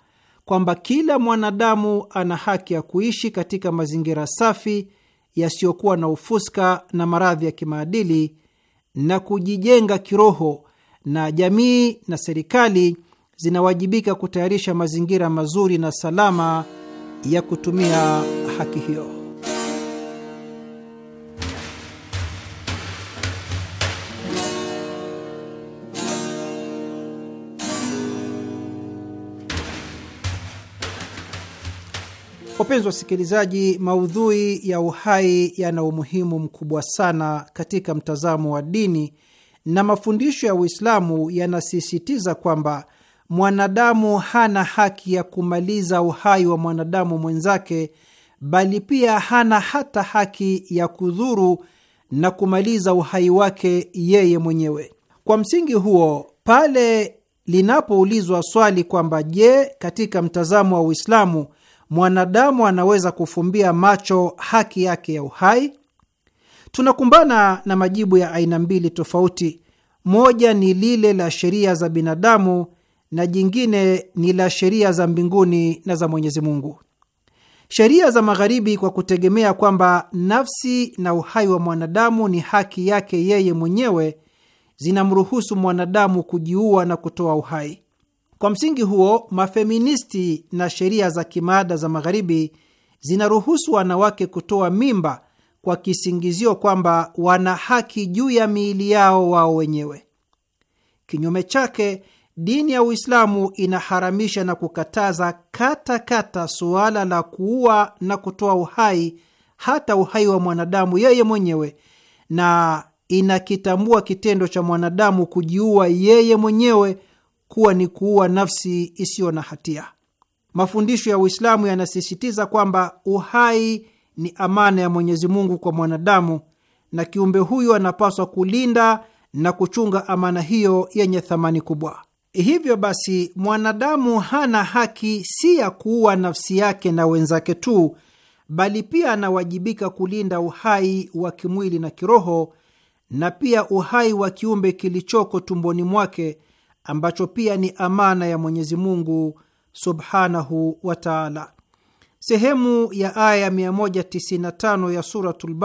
kwamba kila mwanadamu ana haki ya kuishi katika mazingira safi yasiyokuwa na ufuska na maradhi ya kimaadili na kujijenga kiroho na jamii na serikali zinawajibika kutayarisha mazingira mazuri na salama ya kutumia haki hiyo. Wapenzi wasikilizaji, maudhui ya uhai yana umuhimu mkubwa sana katika mtazamo wa dini na mafundisho ya Uislamu yanasisitiza kwamba mwanadamu hana haki ya kumaliza uhai wa mwanadamu mwenzake, bali pia hana hata haki ya kudhuru na kumaliza uhai wake yeye mwenyewe. Kwa msingi huo, pale linapoulizwa swali kwamba je, katika mtazamo wa Uislamu mwanadamu anaweza kufumbia macho haki yake ya uhai, tunakumbana na majibu ya aina mbili tofauti. Moja ni lile la sheria za binadamu na jingine ni la sheria za mbinguni na za Mwenyezi Mungu. Sheria za Magharibi, kwa kutegemea kwamba nafsi na uhai wa mwanadamu ni haki yake yeye mwenyewe, zinamruhusu mwanadamu kujiua na kutoa uhai. Kwa msingi huo, mafeministi na sheria za kimaada za Magharibi zinaruhusu wanawake kutoa mimba kwa kisingizio kwamba wana haki juu ya miili yao wao wenyewe. Kinyume chake, dini ya Uislamu inaharamisha na kukataza katakata suala la kuua na kutoa uhai, hata uhai wa mwanadamu yeye mwenyewe, na inakitambua kitendo cha mwanadamu kujiua yeye mwenyewe kuwa ni kuua nafsi isiyo na hatia. Mafundisho ya Uislamu yanasisitiza kwamba uhai ni amana ya Mwenyezi Mungu kwa mwanadamu, na kiumbe huyu anapaswa kulinda na kuchunga amana hiyo yenye thamani kubwa. Hivyo basi, mwanadamu hana haki si ya kuua nafsi yake na wenzake tu, bali pia anawajibika kulinda uhai wa kimwili na kiroho, na pia uhai wa kiumbe kilichoko tumboni mwake ambacho pia ni amana ya Mwenyezi Mungu subhanahu wa taala. Sehemu ya aya 195 ya Suratul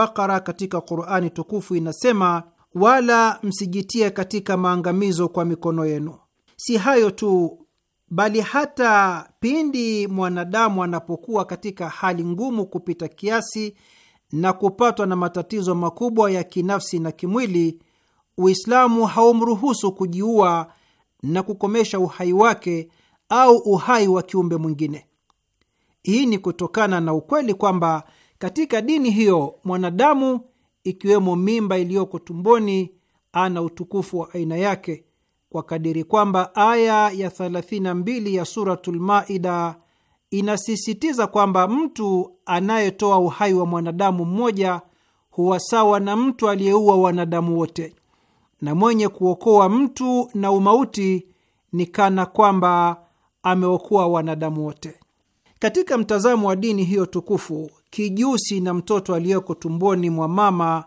katika Qurani tukufu inasema, wala msijitie katika maangamizo kwa mikono yenu. Si hayo tu, bali hata pindi mwanadamu anapokuwa katika hali ngumu kupita kiasi na kupatwa na matatizo makubwa ya kinafsi na kimwili, Uislamu haumruhusu kujiua na kukomesha uhai wake au uhai wa kiumbe mwingine. Hii ni kutokana na ukweli kwamba katika dini hiyo mwanadamu, ikiwemo mimba iliyoko tumboni, ana utukufu wa aina yake kwa kadiri kwamba aya ya 32 ya Suratul Maida inasisitiza kwamba mtu anayetoa uhai wa mwanadamu mmoja huwa sawa na mtu aliyeua wanadamu wote, na mwenye kuokoa mtu na umauti ni kana kwamba ameokoa wanadamu wote. Katika mtazamo wa dini hiyo tukufu, kijusi na mtoto aliyeko tumboni mwa mama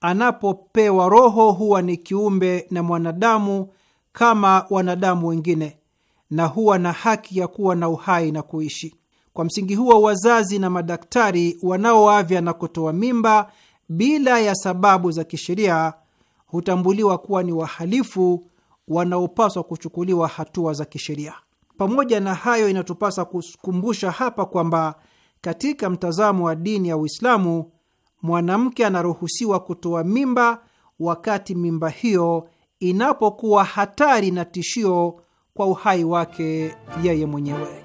anapopewa roho huwa ni kiumbe na mwanadamu kama wanadamu wengine, na huwa na haki ya kuwa na uhai na kuishi. Kwa msingi huo, wazazi na madaktari wanaoavya na kutoa mimba bila ya sababu za kisheria hutambuliwa kuwa ni wahalifu wanaopaswa kuchukuliwa hatua za kisheria. Pamoja na hayo, inatupasa kukumbusha hapa kwamba katika mtazamo wa dini ya Uislamu mwanamke anaruhusiwa kutoa mimba wakati mimba hiyo inapokuwa hatari na tishio kwa uhai wake yeye mwenyewe.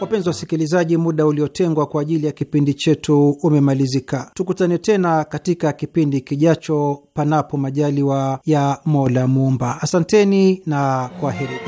Wapenzi wasikilizaji, muda uliotengwa kwa ajili ya kipindi chetu umemalizika. Tukutane tena katika kipindi kijacho, panapo majaliwa ya Mola Muumba. Asanteni na kwaheri.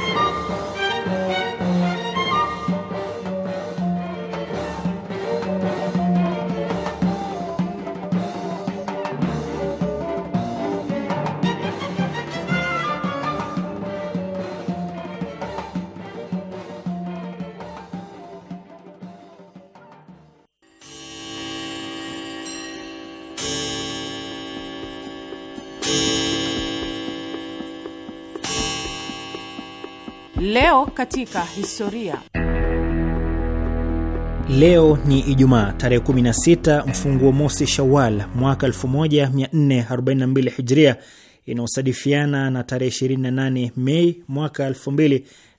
katika historia. Leo ni Ijumaa tarehe 16 mfunguo mosi Shawal mwaka 1442 Hijria, inayosadifiana na tarehe 28 Mei mwaka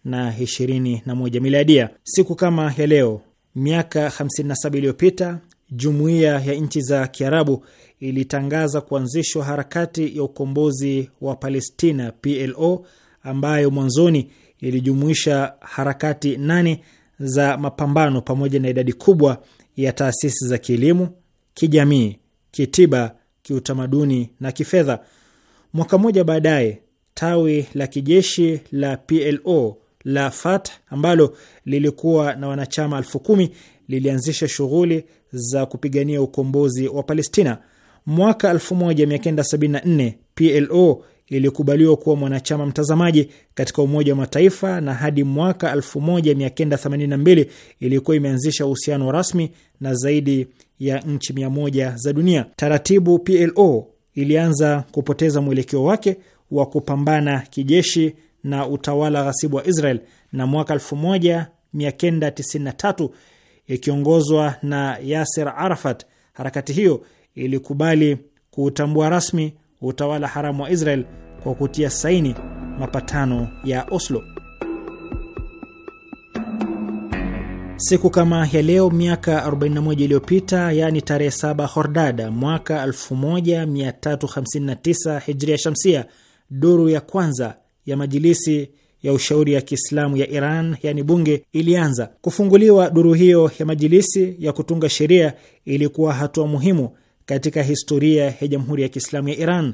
2021 Miladia. Siku kama ya leo miaka 57 iliyopita Jumuiya ya nchi za Kiarabu ilitangaza kuanzishwa harakati ya ukombozi wa Palestina PLO ambayo mwanzoni ilijumuisha harakati nane za mapambano pamoja na idadi kubwa ya taasisi za kielimu, kijamii, kitiba, kiutamaduni na kifedha. Mwaka mmoja baadaye, tawi la kijeshi la PLO la fat ambalo lilikuwa na wanachama elfu kumi lilianzisha shughuli za kupigania ukombozi wa Palestina. Mwaka 1974 PLO iliyokubaliwa kuwa mwanachama mtazamaji katika Umoja wa Mataifa na hadi mwaka 1982 ilikuwa imeanzisha uhusiano rasmi na zaidi ya nchi 100 za dunia. Taratibu PLO ilianza kupoteza mwelekeo wake wa kupambana kijeshi na utawala ghasibu wa Israel na mwaka 1993 ikiongozwa na Yasser Arafat, harakati hiyo ilikubali kuutambua rasmi utawala haramu wa Israel kwa kutia saini mapatano ya Oslo. Siku kama ya leo miaka 41 iliyopita, yaani tarehe 7 Hordada mwaka 1359 Hijria Shamsia, duru ya kwanza ya majilisi ya ushauri ya Kiislamu ya Iran yaani bunge ilianza kufunguliwa. Duru hiyo ya majilisi ya kutunga sheria ilikuwa hatua muhimu katika historia ya Jamhuri ya Kiislamu ya Iran.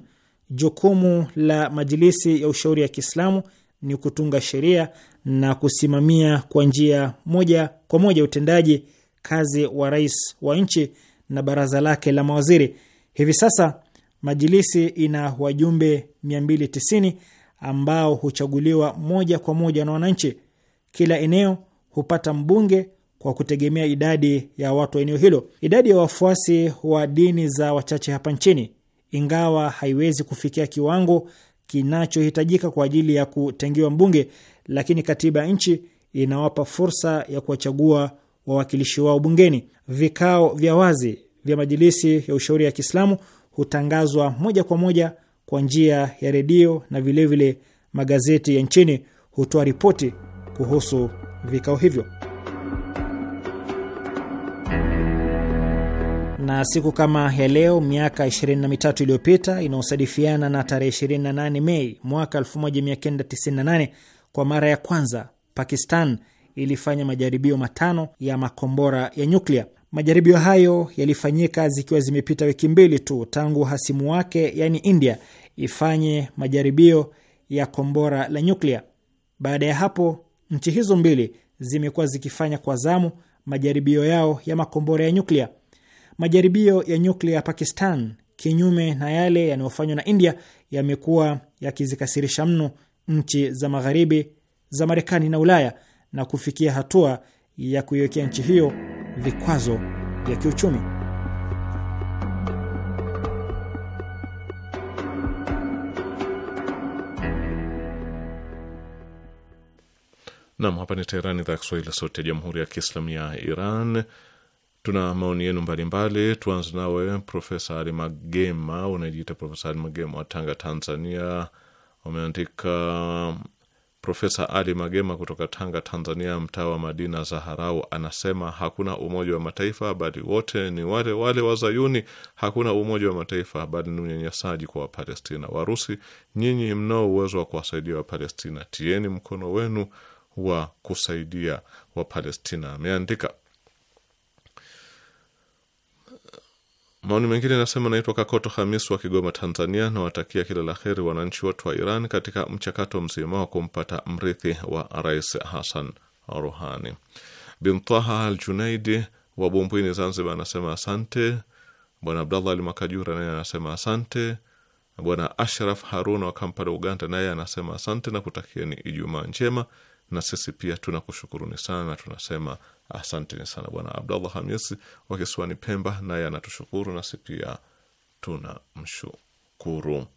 Jukumu la Majilisi ya Ushauri ya Kiislamu ni kutunga sheria na kusimamia kwa njia moja kwa moja utendaji kazi wa rais wa nchi na baraza lake la mawaziri. Hivi sasa Majilisi ina wajumbe 290 ambao huchaguliwa moja kwa moja na wananchi. Kila eneo hupata mbunge kwa kutegemea idadi ya watu wa eneo hilo. Idadi ya wafuasi wa dini za wachache hapa nchini, ingawa haiwezi kufikia kiwango kinachohitajika kwa ajili ya kutengiwa mbunge, lakini katiba ya nchi inawapa fursa ya kuwachagua wawakilishi wao bungeni. Vikao vya wazi vya majilisi ya ushauri ya Kiislamu hutangazwa moja kwa moja kwa njia ya redio na vilevile magazeti ya nchini hutoa ripoti kuhusu vikao hivyo. na siku kama ya leo miaka 23 iliyopita inaosadifiana na tarehe 28 Mei mwaka 1998, kwa mara ya kwanza Pakistan ilifanya majaribio matano ya makombora ya nyuklia. Majaribio hayo yalifanyika zikiwa zimepita wiki mbili tu tangu hasimu wake, yaani India, ifanye majaribio ya kombora la nyuklia. Baada ya hapo, nchi hizo mbili zimekuwa zikifanya kwa zamu majaribio yao ya makombora ya nyuklia. Majaribio ya nyuklia ya Pakistan, kinyume na yale yanayofanywa na India, yamekuwa yakizikasirisha mno nchi za magharibi za Marekani na Ulaya na kufikia hatua ya kuiwekea nchi hiyo vikwazo vya kiuchumi. Nam, hapa ni Teherani, idhaa ya Kiswahili, sauti ya jamhuri ya kiislamu ya Iran. Tuna maoni yenu mbalimbali. Tuanze nawe Profesa Ali Magema, unajiita Profesa Ali Magema wa Tanga, Tanzania. Umeandika Profesa Ali Magema kutoka Tanga, Tanzania, mtaa wa Madina Zaharau, anasema hakuna Umoja wa Mataifa bali wote ni wale wale Wazayuni. Hakuna Umoja wa Mataifa bali ni unyanyasaji kwa Wapalestina. Warusi, nyinyi mnao uwezo wa kuwasaidia Wapalestina, tieni mkono wenu wa kusaidia Wapalestina, ameandika Maoni mengine anasema, naitwa Kakoto Hamis wa Kigoma, Tanzania. Nawatakia kila la heri wananchi wote wa Iran katika mchakato mzima wa kumpata mrithi wa Rais Hassan Ruhani. Bintaha Al Junaidi wa Bumbwini, Zanzibar, anasema asante. Bwana Abdallah Ali Makajura naye anasema asante. Bwana Ashraf Haruna wa Kampala, Uganda, naye anasema asante na kutakieni Ijumaa njema. Na sisi pia tunakushukuruni sana, tunasema Asanteni sana Bwana Abdallah Hamisi wa kisiwani Pemba, naye anatushukuru nasi pia tunamshukuru.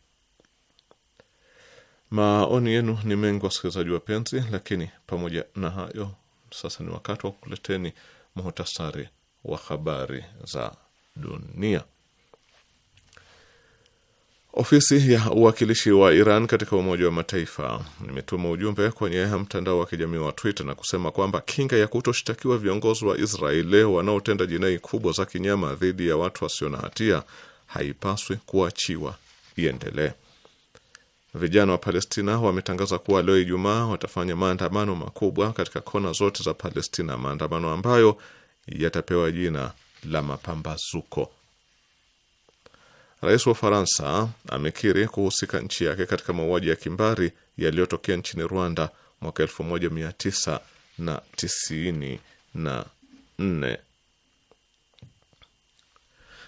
Maoni yenu ni mengi wasikilizaji wapenzi, lakini pamoja na hayo, sasa ni wakati wa kukuleteni muhtasari wa habari za dunia. Ofisi ya uwakilishi wa Iran katika Umoja wa Mataifa imetuma ujumbe kwenye mtandao wa kijamii wa Twitter na kusema kwamba kinga ya kutoshtakiwa viongozi wa Israeli wanaotenda jinai kubwa za kinyama dhidi ya watu wasio na hatia haipaswi kuachiwa iendelee. Vijana wa Palestina wametangaza kuwa leo Ijumaa watafanya maandamano makubwa katika kona zote za Palestina, maandamano ambayo yatapewa jina la mapambazuko. Rais wa Faransa amekiri kuhusika nchi yake katika mauaji ya kimbari yaliyotokea nchini Rwanda mwaka nne.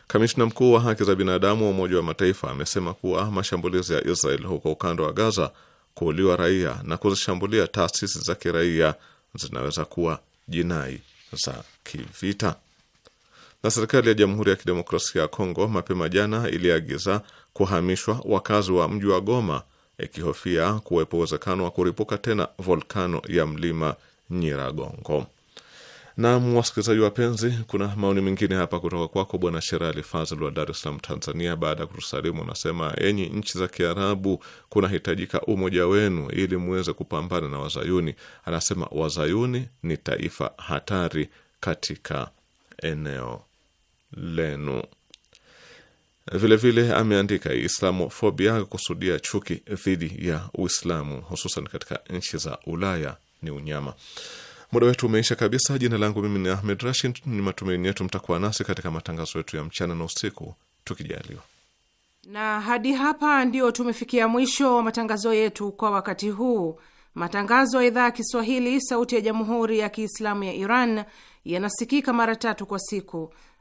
Kamishna mkuu wa haki za binadamu wa Umoja wa Mataifa amesema kuwa mashambulizi ya Israel huko ukanda wa Gaza, kuuliwa raia na kuzishambulia taasisi za kiraia zinaweza kuwa jinai za kivita na serikali ya Jamhuri ya Kidemokrasia ya Kongo mapema jana iliagiza kuhamishwa wakazi wa mji wa Goma ikihofia kuwepo uwezekano wa kuripuka tena volkano ya mlima Nyiragongo. Na wasikilizaji wapenzi, kuna maoni mengine hapa kutoka kwako Bwana Sherali Fazl wa Dar es Salaam, Tanzania. Baada ya kutusalimu, unasema enyi nchi za Kiarabu, kunahitajika umoja wenu ili muweze kupambana na Wazayuni. Anasema Wazayuni ni taifa hatari katika eneo lenu. Vilevile ameandika Islamofobia, kusudia chuki dhidi ya Uislamu hususan katika nchi za Ulaya ni unyama. Muda wetu umeisha kabisa. Jina langu mimi ni Ahmed Rashid. Ni matumaini yetu mtakuwa nasi katika matangazo yetu ya mchana na usiku, tukijaliwa. Na hadi hapa ndio tumefikia mwisho wa matangazo yetu kwa wakati huu. Matangazo ya idhaa ya Kiswahili, sauti ya jamhuri ya kiislamu ya Iran yanasikika mara tatu kwa siku